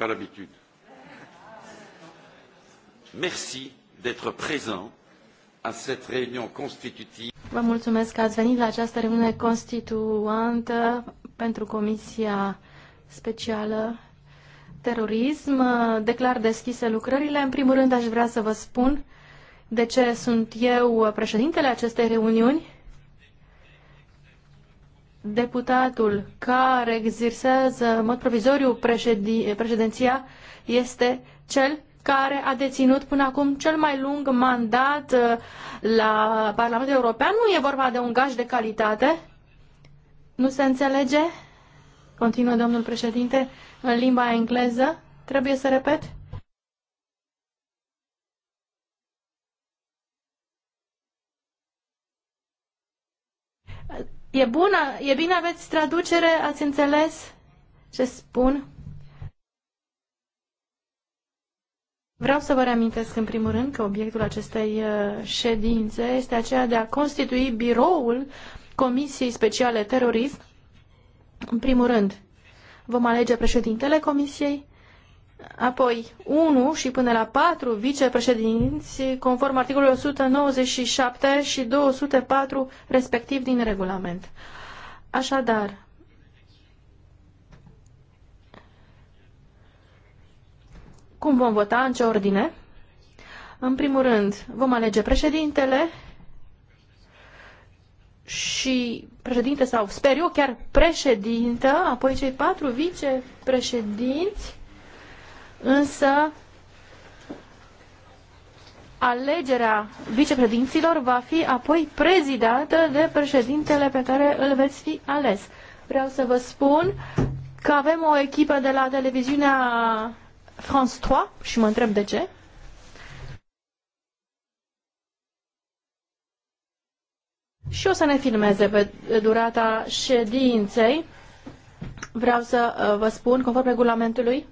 Ca l'habitude. Merci d'être présent à cette réunion constitutive. Vă mulțumesc că ați venit la această reuniune constituantă pentru Comisia Specială Terorism. Declar deschise lucrările. În primul rând aș vrea să vă spun de ce sunt eu președintele acestei reuniuni deputatul care exersează în mod provizoriu președinția este cel care a deținut până acum cel mai lung mandat uh, la Parlamentul European. Nu e vorba de un gaj de calitate. Nu se înțelege? Continuă domnul președinte în limba engleză. Trebuie să repet? E bună, e bine aveți traducere, ați înțeles ce spun? Vreau să vă reamintesc în primul rând că obiectul acestei uh, ședințe este aceea de a constitui biroul Comisiei Speciale Terorism. În primul rând, vom alege președintele Comisiei, apoi 1 și până la 4 vicepreședinți, conform articolului 197 și 204 respectiv din regulament. Așadar, cum vom vota, în ce ordine? În primul rând, vom alege președintele și președinte sau, sper eu, chiar președintă, apoi cei patru vicepreședinți însă alegerea vicepredinților va fi apoi prezidată de președintele pe care îl veți fi ales. Vreau să vă spun că avem o echipă de la televiziunea France 3 și mă întreb de ce. Și o să ne filmeze pe durata ședinței. Vreau să uh, vă spun, conform regulamentului,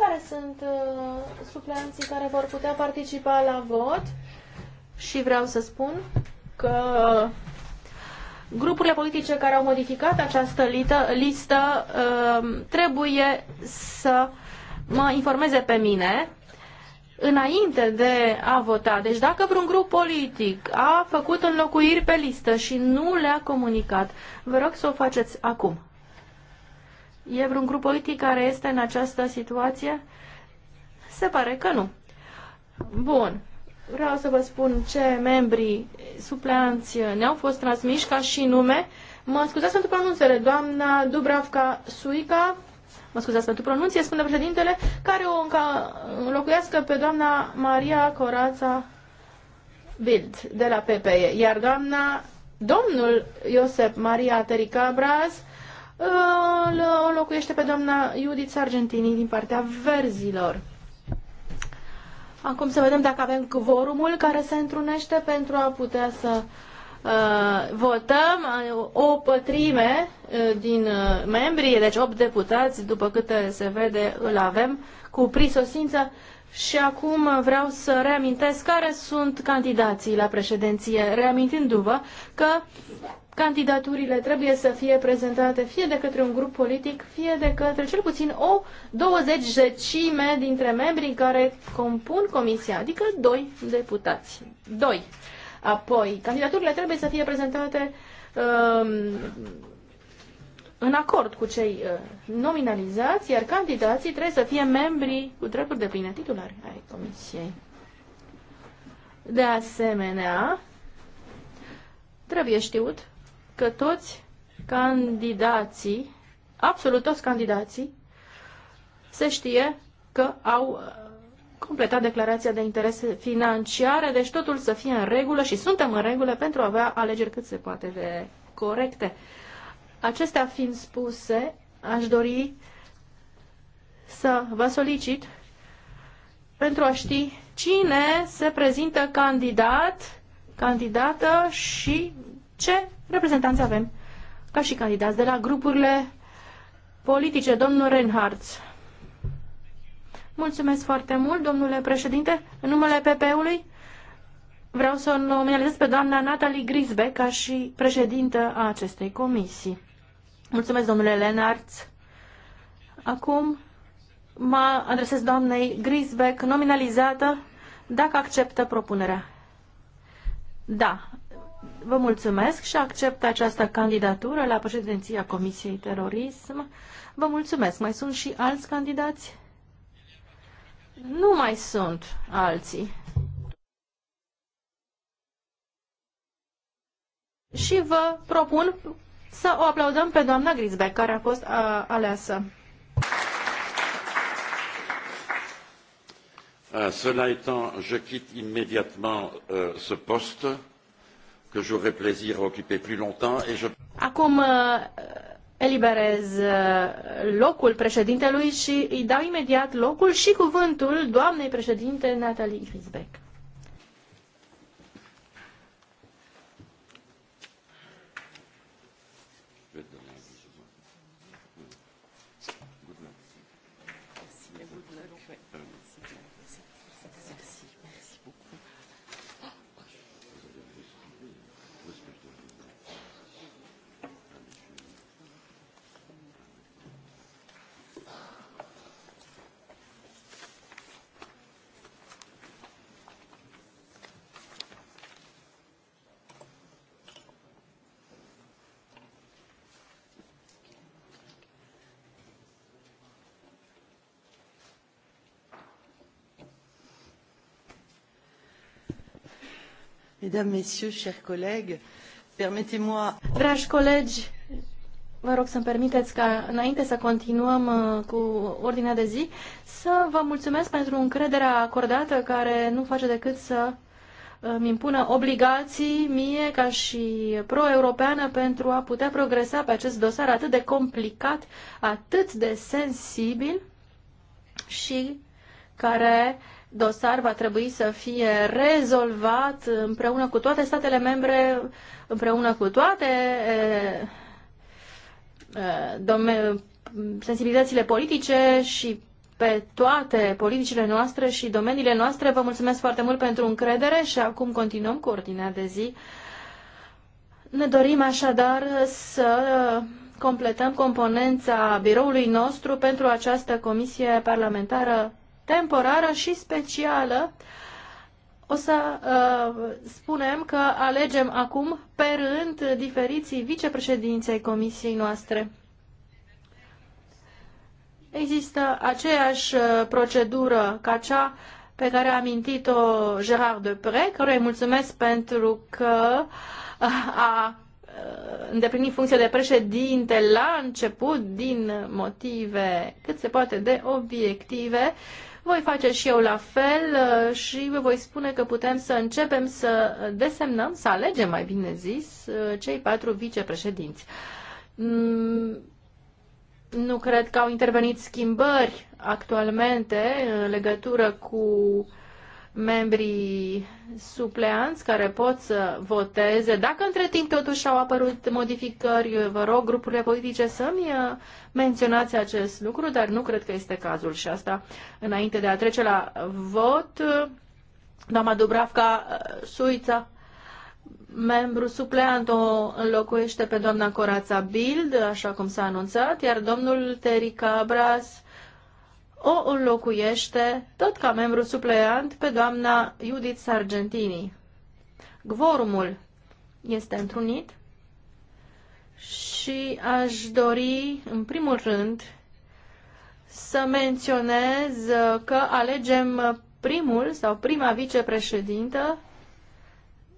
care sunt uh, supleanții care vor putea participa la vot și vreau să spun că grupurile politice care au modificat această lită, listă uh, trebuie să mă informeze pe mine înainte de a vota. Deci dacă vreun grup politic a făcut înlocuiri pe listă și nu le-a comunicat, vă rog să o faceți acum. E vreun grup politic care este în această situație? Se pare că nu. Bun. Vreau să vă spun ce membrii supleanți ne-au fost transmiși ca și nume. Mă scuzați pentru pronunțele, doamna Dubravka Suica, mă scuzați pentru pronunție, spune președintele, care o înlocuiască pe doamna Maria Corața Bild de la PPE, iar doamna domnul Iosep Maria Tericabras îl locuiește pe doamna Judith Sargentini din partea verzilor. Acum să vedem dacă avem cvorumul care se întrunește pentru a putea să uh, votăm o pătrime uh, din uh, membrii, deci 8 deputați, după câte se vede, îl avem cu prisosință. Și acum vreau să reamintesc care sunt candidații la președinție, reamintindu-vă că candidaturile trebuie să fie prezentate fie de către un grup politic, fie de către cel puțin o 20 zecime dintre membrii care compun comisia, adică doi deputați. Doi. Apoi, candidaturile trebuie să fie prezentate um, în acord cu cei uh, nominalizați, iar candidații trebuie să fie membrii cu drepturi de pline titulari ai comisiei. De asemenea, trebuie știut că toți candidații, absolut toți candidații, se știe că au uh, completat declarația de interese financiare, deci totul să fie în regulă și suntem în regulă pentru a avea alegeri cât se poate de corecte. Acestea fiind spuse, aș dori să vă solicit pentru a ști cine se prezintă candidat, candidată și ce reprezentanți avem ca și candidați de la grupurile politice. Domnul Reinhardt. Mulțumesc foarte mult, domnule președinte. În numele PP-ului vreau să o nominalizez pe doamna Natalie Grisbe ca și președintă a acestei comisii. Mulțumesc, domnule Lenarț. Acum mă adresez doamnei Grisbeck, nominalizată, dacă acceptă propunerea. Da, vă mulțumesc și accept această candidatură la președinția Comisiei Terorism. Vă mulțumesc. Mai sunt și alți candidați? Nu mai sunt alții. Și vă propun să o aplaudăm pe doamna Grisbeck, care a fost a, aleasă. Uh, cela étant, je quitte immédiatement uh, ce poste que j'aurai plaisir à occuper plus longtemps et je... Acum euh... eliberez uh, locul președintelui și îi dau imediat locul și cuvântul doamnei președinte Natalie Grisbeck. Mesdames, Messieurs, chers collègues, permettez-moi... Dragi colegi, vă rog să-mi permiteți ca, înainte să continuăm uh, cu ordinea de zi, să vă mulțumesc pentru încrederea acordată care nu face decât să îmi uh, impună obligații mie ca și pro-europeană pentru a putea progresa pe acest dosar atât de complicat, atât de sensibil și care dosar va trebui să fie rezolvat împreună cu toate statele membre, împreună cu toate sensibilitățile politice și pe toate politicile noastre și domeniile noastre. Vă mulțumesc foarte mult pentru încredere și acum continuăm cu ordinea de zi. Ne dorim așadar să completăm componența biroului nostru pentru această comisie parlamentară temporară și specială. O să uh, spunem că alegem acum pe rând diferiții vicepreședinței comisiei noastre. Există aceeași uh, procedură ca cea pe care a amintit-o Gerard Depre, care îi mulțumesc pentru că uh, a uh, îndeplinit funcția de președinte la început din motive cât se poate de obiective voi face și eu la fel uh, și vă voi spune că putem să începem să desemnăm, să alegem, mai bine zis, uh, cei patru vicepreședinți. Mm, nu cred că au intervenit schimbări actualmente în legătură cu uh, membrii supleanți care pot să voteze. Dacă între timp totuși au apărut modificări, vă rog grupurile politice să-mi uh, menționați acest lucru, dar nu cred că este cazul și asta înainte de a trece la vot. Doamna Dubravca uh, Suița, membru supleant, o înlocuiește pe doamna Corața Bild, așa cum s-a anunțat, iar domnul Terica Abras o înlocuiește, tot ca membru supleant, pe doamna Judith Sargentini. Gvorumul este întrunit și aș dori, în primul rând, să menționez că alegem primul sau prima vicepreședintă,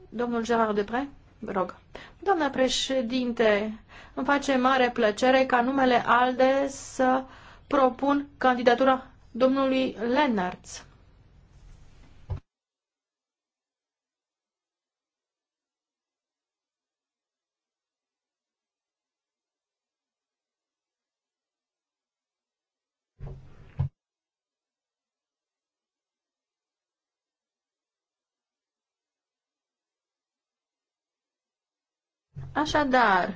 domnul Gerard Depre, vă rog. Doamna președinte, îmi face mare plăcere ca numele ALDE să propun candidatura domnului Lennarts. Așadar,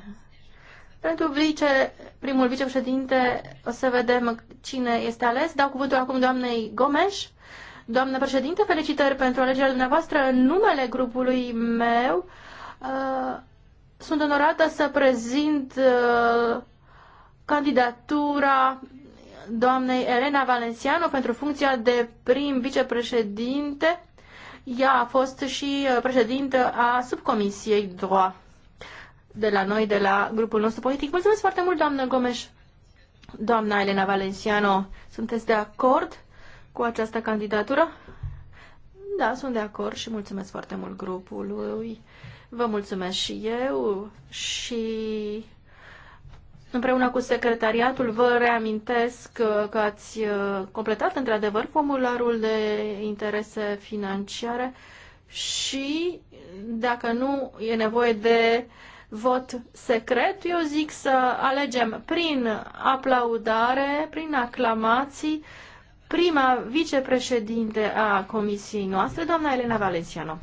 pentru vice, primul vicepreședinte o să vedem cine este ales. Dau cuvântul acum doamnei Gomes. Doamnă președinte, felicitări pentru alegerea dumneavoastră în numele grupului meu. Uh, sunt onorată să prezint uh, candidatura doamnei Elena Valenciano pentru funcția de prim vicepreședinte. Ea a fost și uh, președintă a subcomisiei DROA de la noi, de la grupul nostru politic. Mulțumesc foarte mult, doamnă Gomes. Doamna Elena Valenciano, sunteți de acord cu această candidatură? Da, sunt de acord și mulțumesc foarte mult grupului. Vă mulțumesc și eu și împreună cu secretariatul vă reamintesc că, ați uh, completat într-adevăr formularul de interese financiare și dacă nu e nevoie de uh, vot secret. Eu zic să alegem prin aplaudare, prin aclamații, prima vicepreședinte a comisiei noastre, doamna Elena Valenciano.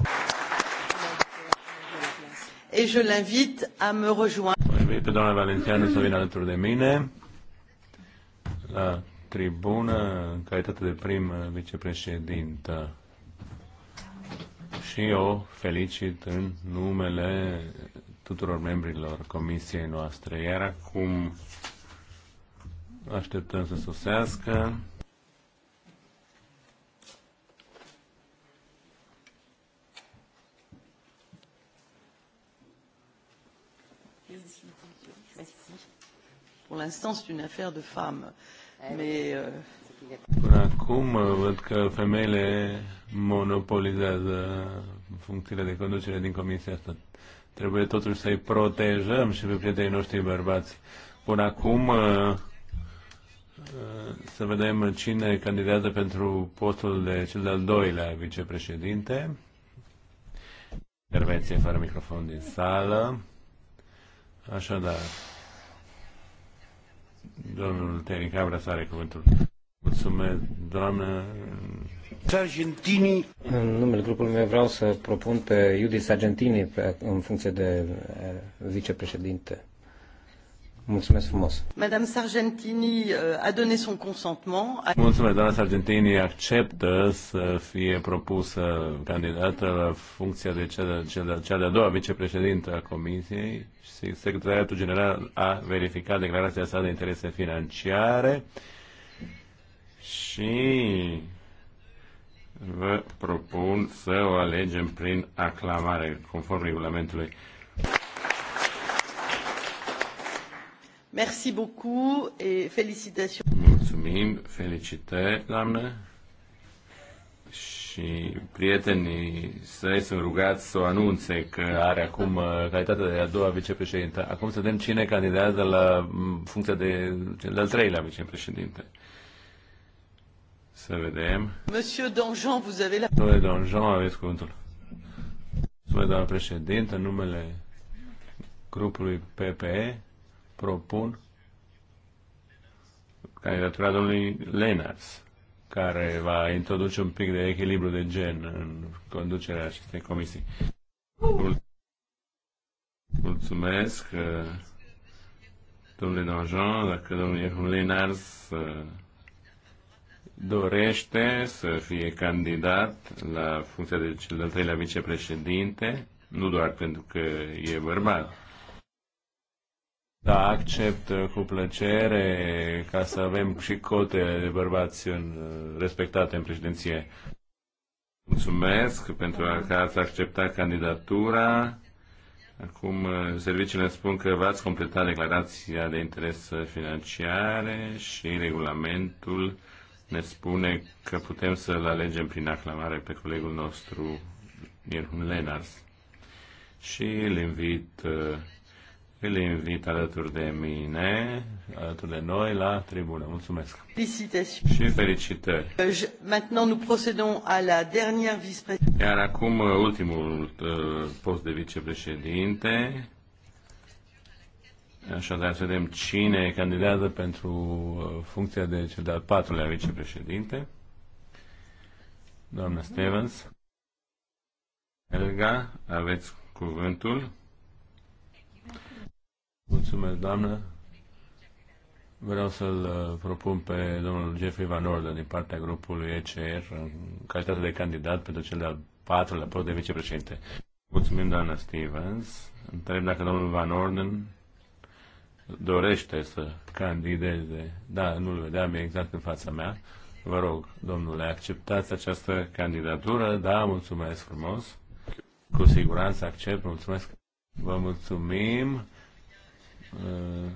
Et je l'invite à me rejoindre. Pe doamna Valenciano să vină alături de mine la tribună în calitate de prim vicepreședintă și o felicit în numele tuturor membrilor comisiei noastre. Iar acum așteptăm să sosească. Pour l'instant, c'est une affaire de femmes. Mais euh, Până acum văd că femeile monopolizează funcțiile de conducere din comisia asta. Trebuie totuși să-i protejăm și pe prietenii noștri bărbați. Până acum uh, uh, să vedem cine candidează pentru postul de cel de-al doilea vicepreședinte. Intervenție fără microfon din sală. Așadar, domnul Terin Cabra să are cuvântul. Mulțumesc, doamnă. Sargentini. În numele grupului meu vreau să propun pe Iudis Sargentini în funcție de eh, vicepreședinte. Mulțumesc frumos. Madame Sargentini eh, a donné son consentement. Mulțumesc, doamna Sargentini acceptă să fie propusă candidată la funcția de cea de-a cea de doua vicepreședintă a Comisiei și Secretariatul General a verificat declarația sa de interese financiare și vă propun să o alegem prin aclamare, conform regulamentului. Merci beaucoup et félicitations. Mulțumim, felicitări, doamnă. Și prietenii săi sunt rugați să o anunțe că are acum uh, calitatea de a doua vicepreședintă. Acum să vedem cine candidează la mm, funcția de, de al treilea vicepreședinte. Să vedem. Monsieur Donjon, vous avez la... Domnule Donjon, aveți cuvântul. Mulțumesc, doamnă președintă, în numele grupului PPE propun candidatura domnului Lenars, care va introduce un pic de echilibru de gen în conducerea acestei comisii. Mulțumesc, uh, domnule Donjon, dacă domnul Lenars uh, dorește să fie candidat la funcția de cel de-al treilea vicepreședinte, nu doar pentru că e bărbat. Da, accept cu plăcere ca să avem și cote de bărbați în, respectate în președinție. Mulțumesc pentru că ați acceptat candidatura. Acum serviciile spun că v-ați completat declarația de interes financiare și regulamentul ne spune că putem să-l alegem prin aclamare pe colegul nostru, Irhun Lenars. Și îl invit, uh, îl invit alături de mine, alături de noi, la tribună. Mulțumesc! Felicitări! Și felicitări! Uh, maintenant nous procédons à la dernière vice Iar acum uh, ultimul post de vicepreședinte, Așadar, să vedem cine candidează pentru uh, funcția de cel de-al patrulea vicepreședinte. Doamna Stevens. Elga, aveți cuvântul. Mulțumesc, doamnă. Vreau să-l uh, propun pe domnul Jeffrey Van Orden din partea grupului ECR în calitate de candidat pentru cel de-al patrulea post de vicepreședinte. Mulțumim, doamna Stevens. Întreb dacă domnul Van Orden dorește să candideze. Da, nu-l vedeam exact în fața mea. Vă rog, domnule, acceptați această candidatură? Da, mulțumesc frumos. Cu siguranță accept, mulțumesc. Vă mulțumim. Uh,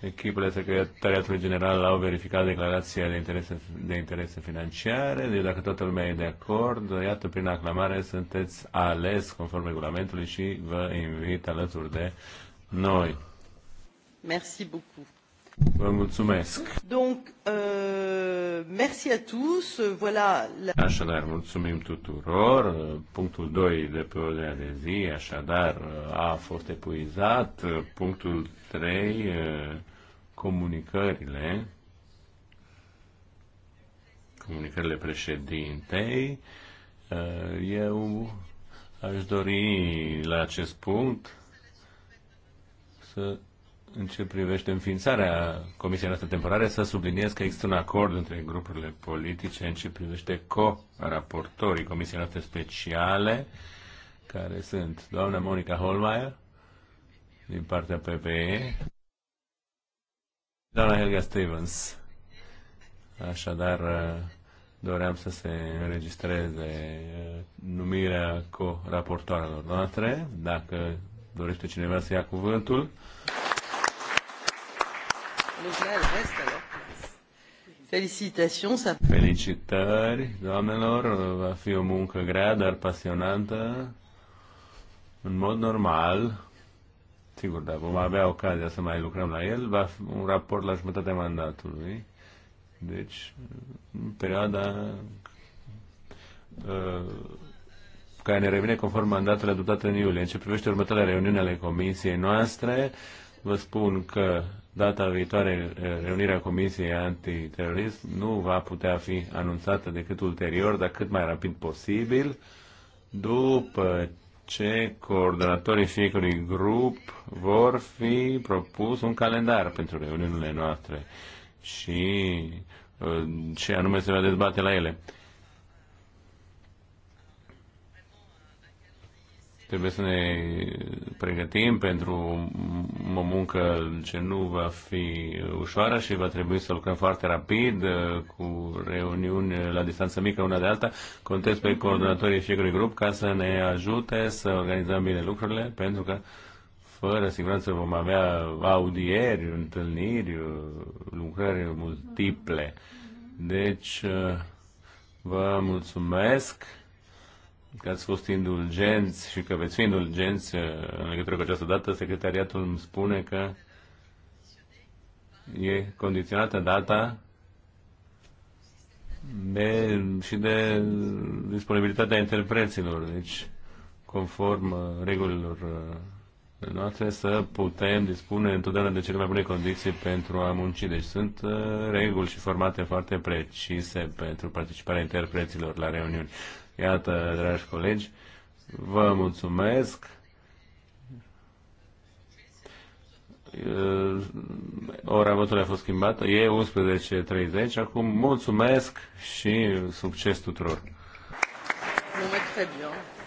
echipele Secretariatului General au verificat declarația de interese, de interese financiare, deci dacă toată lumea e de acord, iată, prin aclamare sunteți ales conform regulamentului și vă invit alături de noi. Merci beaucoup. Donc, euh, merci à tous. Voilà. La... Așadar, mulțumim tuturor. Punctul 2 de pe ordinea de zi, așadar, a fost epuizat. Punctul 3, uh, comunicările. Comunicările președintei. Uh, eu aș dori la acest punct să în ce privește înființarea Comisiei noastre temporare, să subliniez că există un acord între grupurile politice în ce privește co-raportorii Comisiei noastre speciale, care sunt doamna Monica Holmeier, din partea PPE, doamna Helga Stevens. Așadar, doream să se înregistreze uh, numirea co-raportoarelor noastre, dacă dorește cineva să ia cuvântul. Felicitări, doamnelor, va fi o muncă grea, dar pasionantă. În mod normal, sigur, dar vom avea ocazia să mai lucrăm la el, va fi un raport la jumătatea mandatului. Deci, în perioada uh, care ne revine conform mandatului adoptat în iulie. În ce privește următoarea reuniune ale comisiei noastre, uh, vă spun că data viitoare eh, reunirea Comisiei Antiterorism nu va putea fi anunțată decât ulterior, dar cât mai rapid posibil, după ce coordonatorii fiecărui grup vor fi propus un calendar pentru reuniunile noastre și eh, ce anume se va dezbate la ele. Trebuie să ne pregătim pentru o muncă ce nu va fi ușoară și va trebui să lucrăm foarte rapid uh, cu reuniuni la distanță mică una de alta. Contez pe coordonatorii fiecărui grup ca să ne ajute să organizăm bine lucrurile pentru că fără siguranță vom avea audieri, întâlniri, uh, lucrări multiple. Deci, uh, vă mulțumesc că ați fost indulgenți și că veți fi indulgenți uh, în legătură cu această dată. Secretariatul îmi spune că e condiționată data de, și de disponibilitatea interpreților. Deci, conform uh, regulilor uh, noastre, să putem dispune întotdeauna de cele mai bune condiții pentru a munci. Deci sunt reguli și formate foarte precise pentru participarea interpreților la reuniuni. Iată, dragi colegi, vă mulțumesc. Uh, ora votului a fost schimbată, e 11.30, acum mulțumesc și succes tuturor! trebuie.